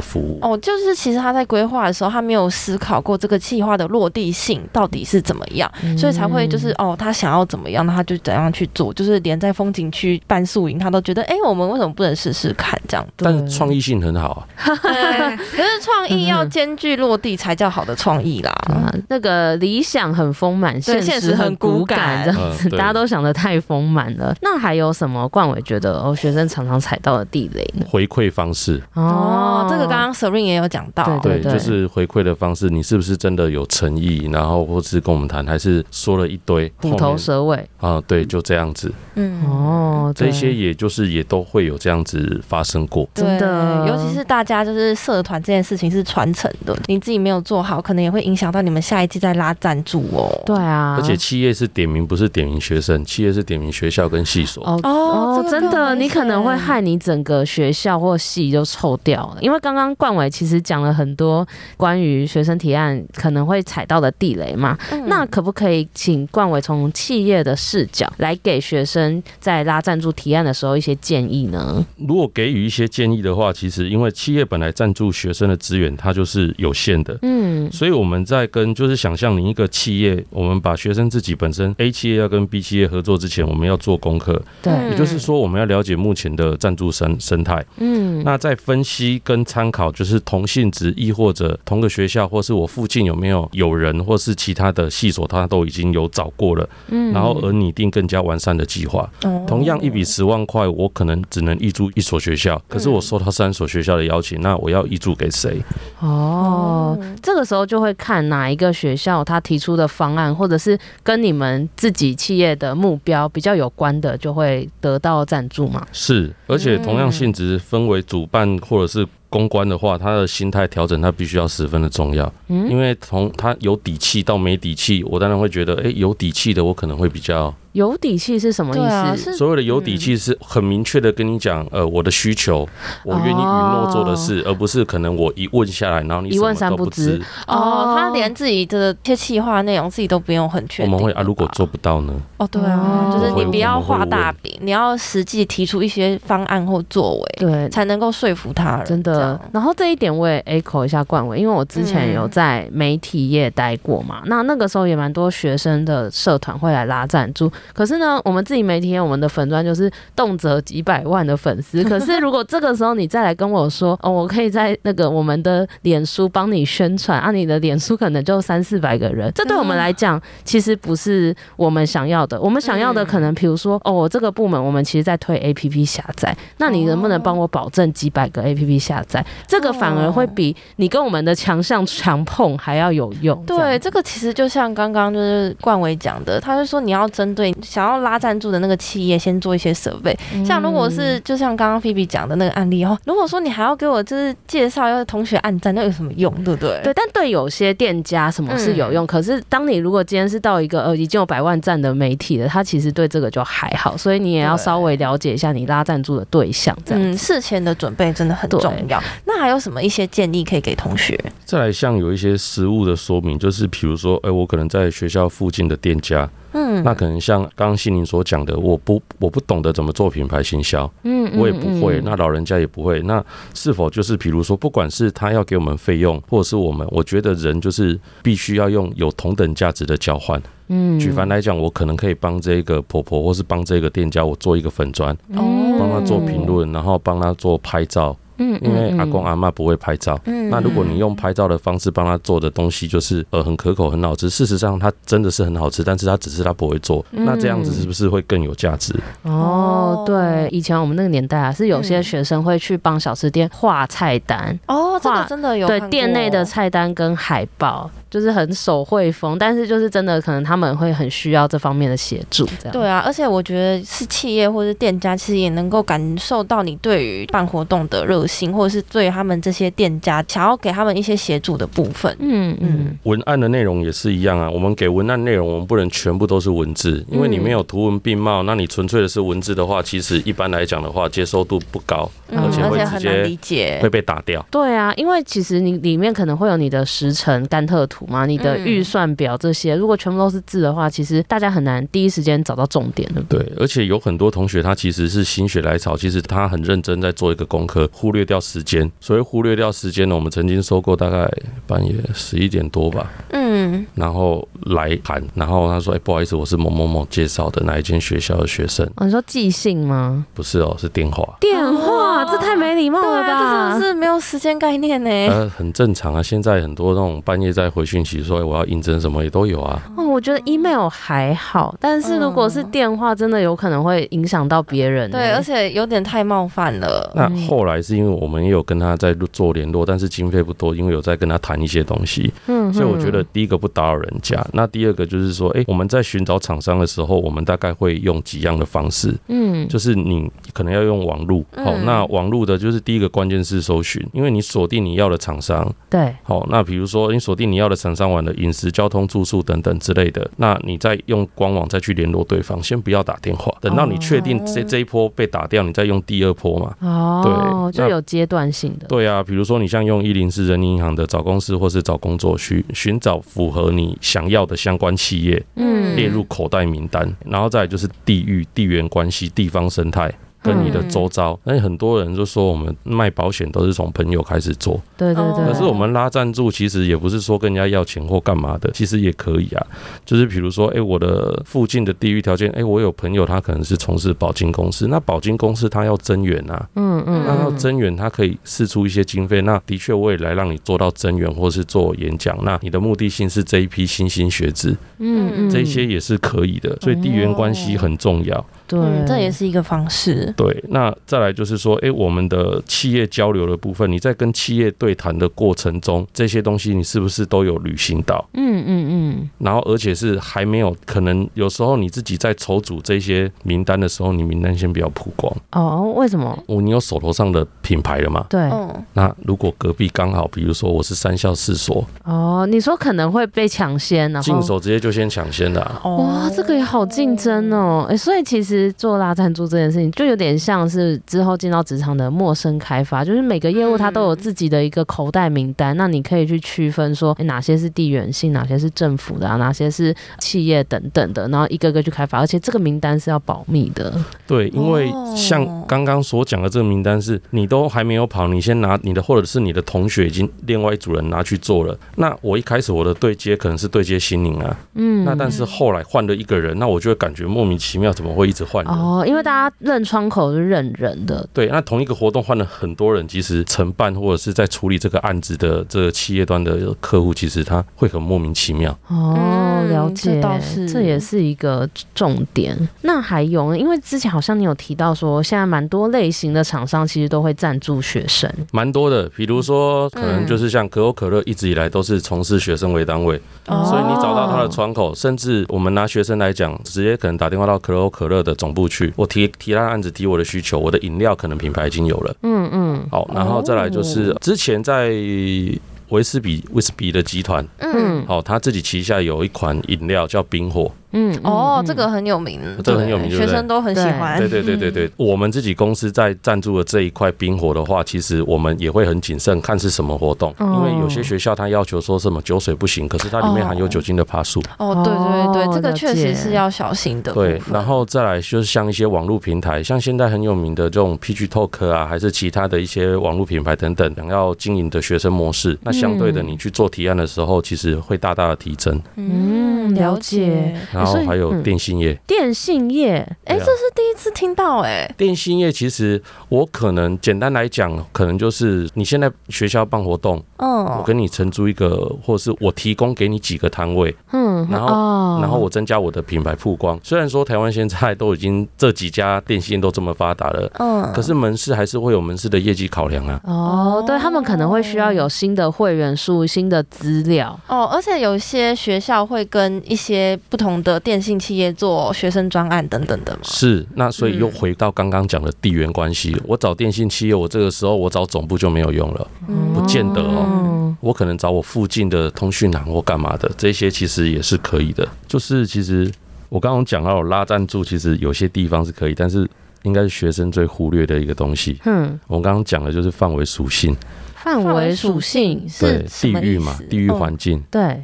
服務。哦，就是其實他在規劃的時候，他沒有思考過這個企劃的落地性到底是怎麼樣，嗯、所以才會就是哦，他想要怎麼樣，那他就怎樣去做，就是連在風景區辦宿營，他都覺得哎、欸，我們為什麼不能試試看這樣？對但是創意性很好啊。 可是創意要兼具落地，才叫好的創意啦。 那個離。理想很豐滿，現實很骨感，這樣子大家都想的太豐滿了。那還有什麼？冠緯覺得哦，學生常常踩到的地雷，回饋方式哦，這個剛剛 Serene 也有講到，對，就是回饋的方式，你是不是真的有誠意？然後或是跟我們談，還是說了一堆虎頭蛇尾啊？對，就這樣子。嗯，哦，這些也就是也都會有這樣子發生過，真的，尤其是大家就是社團這件事情是傳承的，你自己沒有做好，可能也會影響到你們下一季再拉贊助哦，對啊，而且企業是點名，不是點名學生，企業是點名學校跟系所哦哦，哦真的，你可能會害你整個學校或系都臭掉了，因為剛剛冠緯其實講了很多關於學生提案可能會踩到的地雷嘛，嗯，那可不可以請冠緯從企業的視角來給學生在拉贊助提案的時候一些建議呢？如果給予一些建議的話，其實因為企業本來贊助學生的資源它就是有限的，嗯，所以我們在跟就是想象你。一個企業，我們把學生自己本身 A 企業要跟 B 企業合作之前，我們要做功課，對，也就是說我們要了解目前的贊助生生態，嗯，那在分析跟參考，就是同性質，亦或者同個學校，或是我附近有沒有有人，或是其他的系所，他都已經有找過了，嗯，然後而擬定更加完善的計劃。嗯，同樣一筆十萬塊，我可能只能挹注一所學校，嗯，可是我收到三所學校的邀請，那我要挹注給誰？哦，這個時候就會看哪一個學校他。他提出的方案，或者是跟你們自己企業的目標比較有關的，就會得到贊助嘛。是，而且同樣性質分為主辦或者是公關的話，他的心態調整，他必須要十分的重要。嗯，因為從他有底氣到沒底氣，我當然會覺得，誒、欸，有底氣的我可能會比較。有底氣是什麼意思？所謂的有底氣是很明確的跟你講，呃，我的需求，我願意允諾做的事，而不是可能我一問下來，然後你一問三不知哦，他連自己的企劃內容自己都不用很確定。我們會啊，如果做不到呢？哦，對啊，就是你不要畫大餅，你要實際提出一些方案或作為，對，才能夠說服他人。真的，然後這一點我也 echo 一下冠緯，因為我之前有在媒體業待過嘛，那那個時候也蠻多學生的社團會來拉贊助。可是呢，我們自己媒體，我們的粉專就是動輒幾百萬的粉絲。可是如果這個時候你再來跟我說， 哦，我可以在那個我們的臉書幫你宣傳，啊，你的臉書可能就三四百個人，這對我們來講其實不是我們想要的。嗯、我們想要的可能，比如說，哦，這個部門我們其實在推 A P P 下載，那你能不能幫我保證幾百個 A P P 下載？哦、這個反而會比你跟我們的強項強碰還要有用。對，這個其實就像剛剛就是冠緯講的，他就說你要針對。想要拉贊助的那個企業，先做一些設備。像如果是，就像剛剛 p 菲講的那個案例哦，如果說你還要給我就是介紹要同學按讚，那有什麼用？對不對？對，但對有些店家什麼是有用。嗯，可是當你如果今天是到一個呃已經有百萬讚的媒體了，他其實對這個就還好。所以你也要稍微了解一下你拉贊助的對象。這樣。嗯，事前的準備真的很重要。對那還有什麼一些建議可以給同學？再來，像有一些實物的說明，就是比如說，哎，我可能在學校附近的店家，嗯，那可能像剛剛心靈所講的，我不我不懂得怎麼做品牌行銷，嗯，我也不會，那老人家也不會，那是否就是比如說，不管是他要給我們費用，或者是我們，我覺得人就是必須要用有同等價值的交換。嗯，舉凡來講，我可能可以幫這個婆婆，或是幫這個店家，我做一個粉專，幫他做評論，然後幫他做拍照。嗯，因為阿公阿嬤不會拍照，嗯嗯、那如果你用拍照的方式幫他做的東西，就是呃很可口、很好吃。事實上，他真的是很好吃，但是他只是他不會做。嗯、那這樣子是不是會更有價值？哦，對，以前我們那個年代啊，是有些學生會去幫小吃店畫菜單，哦，這個真，真的有。對，店內的菜單跟海報。就是很手繪風，但是就是真的可能他們會很需要這方面的協助，這樣，對啊。而且我覺得是企業或者店家，其實也能夠感受到你對於辦活動的熱心，或者是對他們這些店家想要給他們一些協助的部分。嗯嗯。嗯，文案的內容也是一樣啊，我們給文案內容，我們不能全部都是文字，因為你沒有圖文並茂，那你純粹的是文字的話，其實一般來講的話，接受度不高，而且很難理解，會被打掉。嗯、對啊，因為其實你裡面可能會有你的時程、甘特圖。嘛，你的預算表這些，嗯、如果全部都是字的話，其實大家很難第一時間找到重點，對不對？而且有很多同學他其實是心血來潮，其實他很認真在做一個功課，忽略掉時間。所以忽略掉時間呢，我們曾經說過，大概半夜十一點多吧。嗯，然後來函。然後他說：“哎、欸，不好意思，我是某某某介紹的那一間學校的學生。哦”你說寄信嗎？不是哦，是電話。電話，這太沒禮貌了吧，這真的是沒有時間概念呢。呃，很正常啊，現在很多那種半夜在回去。訊息說我要應徵什麼也都有啊。嗯、我覺得 email 還好，但是如果是電話，真的有可能會影響到別人。嗯、對，而且有點太冒犯了。那後來是因為我們也有跟他在做聯絡，嗯、但是經費不多，因為有在跟他談一些東西。嗯，嗯，所以我覺得第一個不打擾人家，那第二個就是說，哎、欸，我們在尋找廠商的時候，我們大概會用幾樣的方式。嗯，就是你。可能要用網路，好、嗯哦，那網路的就是第一個關鍵是搜尋，因為你鎖定你要的廠商，對，好、哦，那比如說你鎖定你要的廠商完了飲食、交通、住宿等等之類的，那你再用官網再去聯絡對方，先不要打電話，等到你確定這、哦、這一波被打掉，你再用第二波嘛，哦，對就有階段性的，對啊，比如說你像用一零四人力銀行的找公司或是找工作，尋尋找符合你想要的相關企業，嗯，列入口袋名單，然後再來就是地域、地緣關係、地方生態。跟你的周遭，那、嗯嗯、很多人就說我們賣保險都是從朋友開始做，對對對。可是我們拉贊助，其實也不是說跟人家要錢或幹嘛的，其實也可以啊。就是比如說，哎、欸，我的附近的地域條件，哎、欸，我有朋友他可能是從事保經公司，那保經公司他要增員啊，嗯嗯，嗯，那要增員他可以釋出一些經費，那的確我也來讓你做到增員，或是做演講，那你的目的性是這一批新興學子，嗯嗯，這些也是可以的，所以地緣關係很重要。嗯嗯嗯嗯，這也是一個方式。對，那再來就是說，哎、欸，我們的企業交流的部分，你在跟企業對談的過程中，這些東西你是不是都有履行到？嗯嗯嗯。嗯嗯，然後，而且是還沒有可能，有時候你自己在籌組這些名單的時候，你名單先不要曝光。哦，為什麼？我你有手頭上的品牌了嘛？對。哦、那如果隔壁剛好，比如說我是三校四所。哦，你說可能會被搶先啊？進手直接就先搶先了。哦、哇，這個也好競爭哦。哎、欸，所以其實。做拉贊助這件事情，就有點像是之後進到職場的陌生開發，就是每個業務它都有自己的一個口袋名單，嗯、那你可以去區分說哪些是地緣性，哪些是政府的啊，哪些是企業等等的，然後一個個去開發，而且這個名單是要保密的。對，因為像剛剛所講的這個名單是，是你都還沒有跑，你先拿你的，或者是你的同學已經另外一組人拿去做了。那我一開始我的對接可能是對接心靈啊，嗯，那但是後來換了一個人，那我就會感覺莫名其妙，怎麼會一直。哦，因為大家認窗口是認人的，對，那同一個活動換了很多人，其實承辦或者是在處理這個案子的這個企業端的客戶，其實他會很莫名其妙。哦，了解，這倒是，這也是一個重點。那還有呢，因為之前好像你有提到說，現在蠻多類型的廠商其實都會贊助學生，蠻多的，比如說可能就是像可口可樂一直以來都是從事學生為單位，嗯、所以你找到他的窗口，哦、甚至我們拿學生來講，直接可能打電話到可口可樂的。總部去，我提提他案子，提我的需求，我的飲料可能品牌已經有了。嗯嗯，好，然後再來就是之前在維士比維士比的集團，嗯，嗯，好，他自己旗下有一款飲料叫冰火。嗯哦，嗯這個很有名，這個很有名，對學生都很喜歡。對對對對對，嗯、我們自己公司在贊助的這一塊冰火的話，其實我們也會很謹慎，看是什麼活動，哦、因為有些學校它要求說什麼酒水不行，可是它裡面含有酒精的趴數。哦。哦，對對對，這個確實是要小心的。哦。對，然後再來就是像一些網絡平台，像現在很有名的這種 PG Talk 啊，還是其他的一些網絡品牌等等，想要經營的學生模式，那相對的你去做提案的時候，嗯、其實會大大的提升。嗯，了解。然後還有電信業，欸嗯、電信業，哎，這是第一次聽到、欸，哎，電信業其實我可能簡單來講，可能就是你現在學校辦活動。嗯，oh, 我跟你承租一個，或者是我提供給你幾個攤位，嗯，然後、oh. 然後我增加我的品牌曝光。雖然說台灣現在都已經這幾家電信都這麼發達了，嗯，oh. 可是門市還是會有門市的業績考量啊。哦、oh, 對他們可能會需要有新的會員數、新的資料。哦，oh, 而且有一些學校會跟一些不同的電信企業做學生專案等等的嘛。是，那所以又回到剛剛講的地緣關係。Mm. 我找電信企業，我這個時候我找總部就沒有用了，mm hmm. 不見得哦。嗯，我可能找我附近的通訊行或幹嘛的，這些其實也是可以的。就是其實我剛剛講到我拉贊助，其實有些地方是可以，但是應該是學生最忽略的一個東西。嗯，我們剛剛講的就是範圍屬性，範圍屬性對，地域嘛，地域環境、哦。對，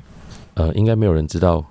呃，應該沒有人知道。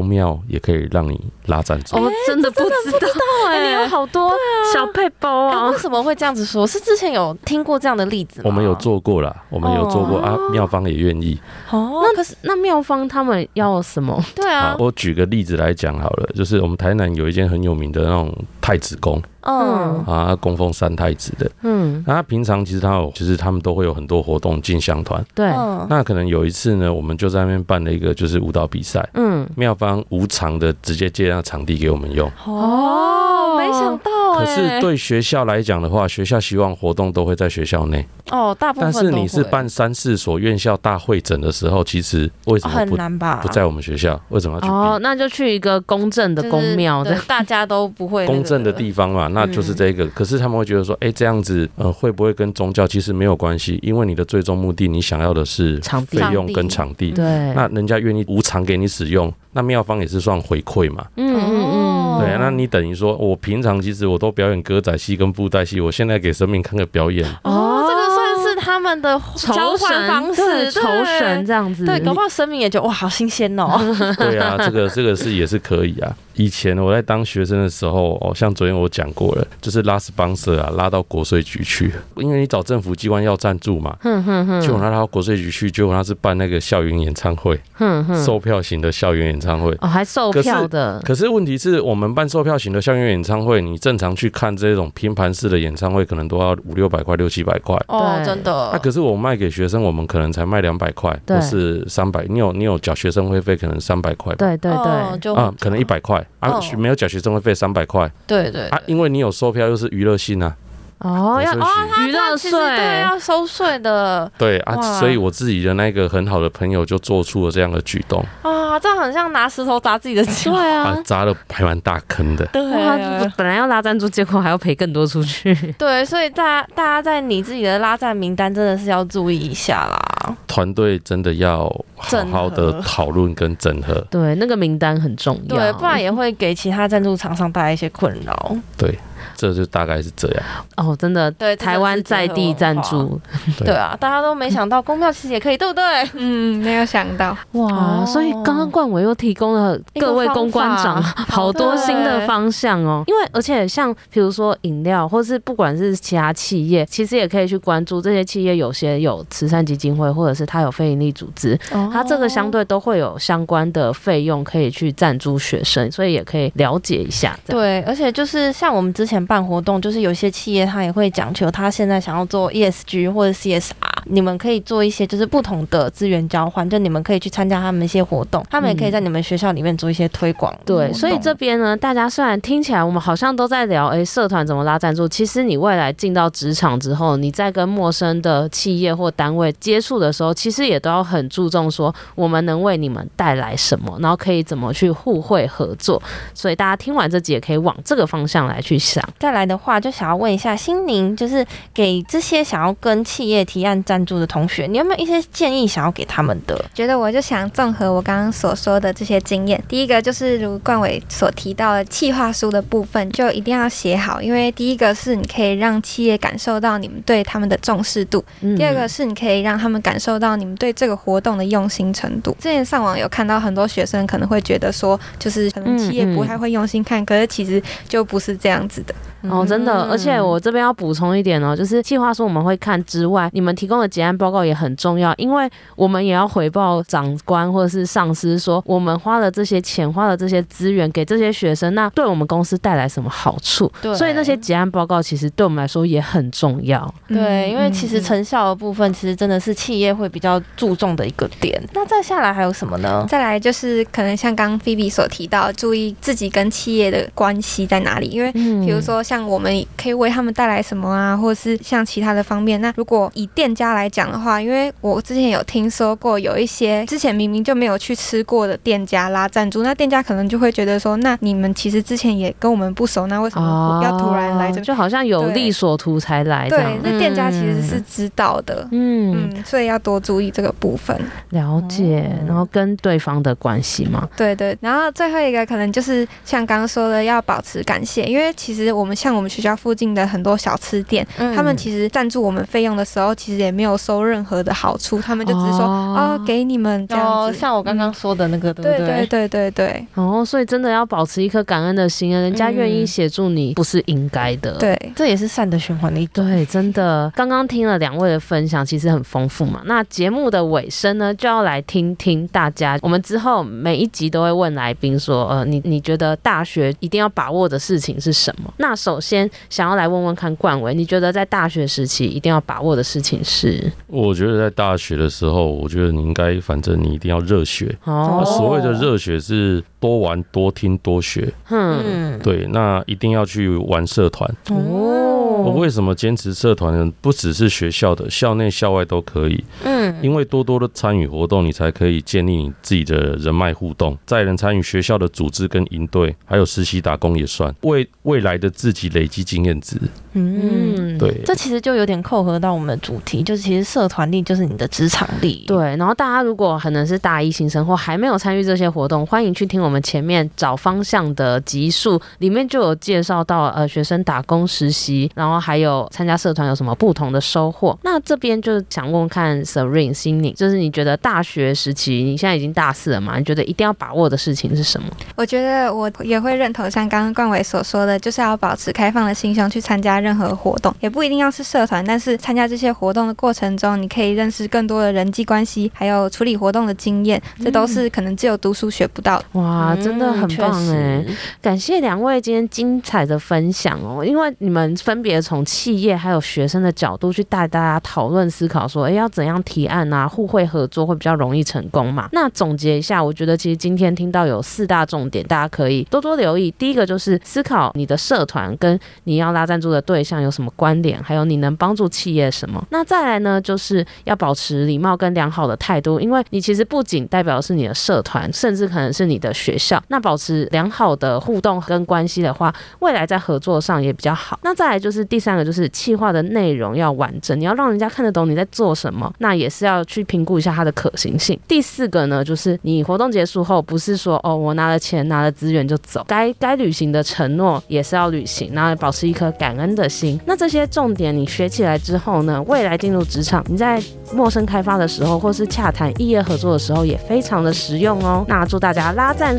宮廟也可以讓你拉贊助，我、欸、真的不知道哎，欸、你有好多小配包啊！為、啊欸、什麼會這樣子說？是之前有聽過這樣的例子嗎？我們有做過啦，我們有做過、哦、啊。廟方也願意哦。那可是那廟方他們要什麼？對啊，我舉個例子來講好了，就是我們台南有一間很有名的那種太子宮。嗯啊，供奉三太子的，嗯，那、啊、平常其實他有，其、就、實、是、他們都會有很多活動，進香團，對，那可能有一次呢，我們就在那邊辦了一個就是舞蹈比賽，嗯，廟方無償的直接借讓場地給我們用，哦，沒想到。可是對學校來講的話，學校希望活動都會在學校內。哦，大部分。但是你是辦三四所院校大會診的時候，其實為什麼不、哦？很難吧？不在我們學校，為什麼要去？哦，那就去一個公正的宮廟、就是，大家都不會、那個。公正的地方嘛，那就是這個。嗯、可是他們會覺得說，哎、欸，這樣子，呃，會不會跟宗教其實沒有關係？因為你的最終目的，你想要的是費用跟場地。場地對。那人家願意無償給你使用，那廟方也是算回饋嘛。嗯嗯嗯。嗯嗯對、哎，那你等於說，我平常其實我都表演歌仔戲跟布袋戲，我現在給神明看個表演哦，這個算是他們的交換方式，酬神，對神這樣子。對，搞不好神明也覺得，哇，好新鮮哦。 對啊，這個這個是也是可以啊。以前我在當學生的時候，哦，像昨天我講過了，就是拉斯邦 o 啊，拉到國稅局去，因為你找政府機關要贊助嘛，就把它拉到國稅局去，就他是辦那個校園演唱會，哼哼售票型的校園演唱會，哦，還售票的。可是，可是問題是我們辦售票型的校園演唱會，你正常去看這種拼盤式的演唱會，可能都要五六百塊，六七百塊。哦對，真的，啊。那可是我賣給學生，我們可能才賣兩百塊，不對是三百。你有你有繳學生會費，可能三百塊。對對對，啊，可能一百塊。啊，沒有繳學生會費三百塊。對對，啊，因為你有售票，又是娛樂性啊。哦，要啊，娛樂性，對，要收稅的。對啊，所以我自己的那個很好的朋友就做出了這樣的舉動啊，這很像拿石頭砸自己的腳啊，砸了還蠻大坑的。對啊，本來要拉贊助，結果還要賠更多出去。對，所以大家大家在你自己的拉贊名單，真的是要注意一下啦。團隊真的要好好的討論跟整合，合，對那個名單很重要，對，不然也會給其他贊助廠商帶來一些困擾，對。這就大概是這樣哦，真的對台灣在地贊助，對啊，嗯、大家都沒想到宮廟其實也可以，對不對？嗯，沒有想到哇，哦、所以剛剛冠緯又提供了各位公關長好多新的方向哦，哦因為而且像比如說飲料，或是不管是其他企業，其實也可以去關注這些企業，有些有慈善基金會，或者是他有非營利組織，哦、他這個相對都會有相關的費用可以去贊助學生，所以也可以了解一下。對，對而且就是像我們之前。辦活動就是有些企業他也會講求，他現在想要做 ESG 或者 CSR，你們可以做一些就是不同的資源交換，就你們可以去參加他們一些活動，他們也可以在你們學校裡面做一些推廣。嗯，對，所以這邊呢，大家雖然聽起來我們好像都在聊哎社團怎麼拉贊助，其實你未來進到職場之後，你在跟陌生的企業或單位接觸的時候，其實也都要很注重說我們能為你們帶來什麼，然後可以怎麼去互惠合作。所以大家聽完這集也可以往這個方向來去想。再來的話，就想要問一下心靈，就是給這些想要跟企業提案贊助的同學，你有沒有一些建議想要給他們的？覺得我就想綜合我剛剛所說的這些經驗，第一個就是如冠緯所提到的企劃書的部分，就一定要寫好，因為第一個是你可以讓企業感受到你們對他們的重視度，嗯、第二個是你可以讓他們感受到你們對這個活動的用心程度。之前上網有看到很多學生可能會覺得說，就是可能企業不太會用心看，嗯嗯，可是其實就不是這樣子的。哦，真的，而且我這邊要補充一點哦，就是計劃書我們會看之外，你們提供的結案報告也很重要，因為我們也要回報長官或者是上司說，我們花了這些錢，花了這些資源給這些學生，那對我們公司帶來什麼好處？對，所以那些結案報告其實對我們來說也很重要。對，因為其實成效的部分，其實真的是企業會比較注重的一個點。那再下來還有什麼呢？再來就是可能像剛剛 Phoebe 所提到，注意自己跟企業的關係在哪裡，因為比如說。說像我們可以為他們帶來什麼啊，或者是像其他的方面。那如果以店家來講的話，因為我之前有聽說過，有一些之前明明就沒有去吃過的店家拉贊助，那店家可能就會覺得說，那你們其實之前也跟我們不熟，那為什麼要突然來？哦，就好像有利所圖才來。對，那店家其實是知道的，嗯、嗯，所以要多注意這個部分，了解，然後跟對方的關係嘛。哦、對、對對，然後最後一個可能就是像剛剛說的，要保持感謝，因為其實我。我們像我們學校附近的很多小吃店，嗯、他們其實贊助我們費用的時候，其實也沒有收任何的好處，他們就只是說啊、哦哦，給你們這樣子。哦，像我剛剛說的那個，嗯、對,對對對對對。哦，所以真的要保持一顆感恩的心啊，人家願意協助你，不是應該的。嗯、對，這也是善的循環的一對，真的。剛剛聽了兩位的分享，其實很豐富嘛。那節目的尾聲呢，就要來聽聽大家。我們之後每一集都會問來賓說，呃，你你覺得大學一定要把握的事情是什麼？那那首先想要來問問看，冠緯，你覺得在大學時期一定要把握的事情是？我覺得在大學的時候，我覺得你應該，反正你一定要熱血。哦，oh. 所謂的熱血是。多玩多聽多學，嗯，對，那一定要去玩社團哦。我為什麼堅持社團？不只是學校的校內，校外都可以，嗯，因為多多的參與活動，你才可以建立你自己的人脈互動。再能參與學校的組織跟營隊，還有實習打工也算，為未，未來的自己累積經驗值。嗯，對，這其實就有點扣合到我們的主題，就是其實社團力就是你的職場力。對，然後大家如果可能是大一新生或還沒有參與這些活動，歡迎去聽我。我們前面找方向的集數裡面就有介紹到，呃，學生打工實習，然後還有參加社團有什麼不同的收穫。那這邊就是想問看 Serene，就是你覺得大學時期，你現在已經大四了嘛？你覺得一定要把握的事情是什麼？我覺得我也會認同像剛剛冠緯所說的，就是要保持開放的心胸去參加任何活動，也不一定要是社團。但是參加這些活動的過程中，你可以認識更多的人際關係，還有處理活動的經驗，這都是可能只有讀書學不到的。嗯哇啊，嗯、真的很棒哎！確實。感謝兩位今天精彩的分享哦，因為你們分別從企業還有學生的角度去帶大家討論思考說，說哎要怎樣提案啊，互惠合作會比較容易成功嘛。那總結一下，我覺得其實今天聽到有四大重點，大家可以多多留意。第一個就是思考你的社團跟你要拉贊助的對象有什麼關聯，還有你能幫助企業什麼。那再來呢，就是要保持禮貌跟良好的態度，因為你其實不僅代表是你的社團，甚至可能是你的學。學校。那保持良好的互動跟關係的話，未來在合作上也比較好。那再來就是第三個，就是企劃的內容要完整，你要讓人家看得懂你在做什麼。那也是要去評估一下它的可行性。第四個呢，就是你活動結束後，不是說哦，我拿了錢拿了資源就走，該該履行的承諾也是要履行，然後保持一顆感恩的心。那這些重點你學起來之後呢，未來進入職場，你在陌生開發的時候，或是洽談異業合作的時候，也非常的實用哦。那祝大家拉贊！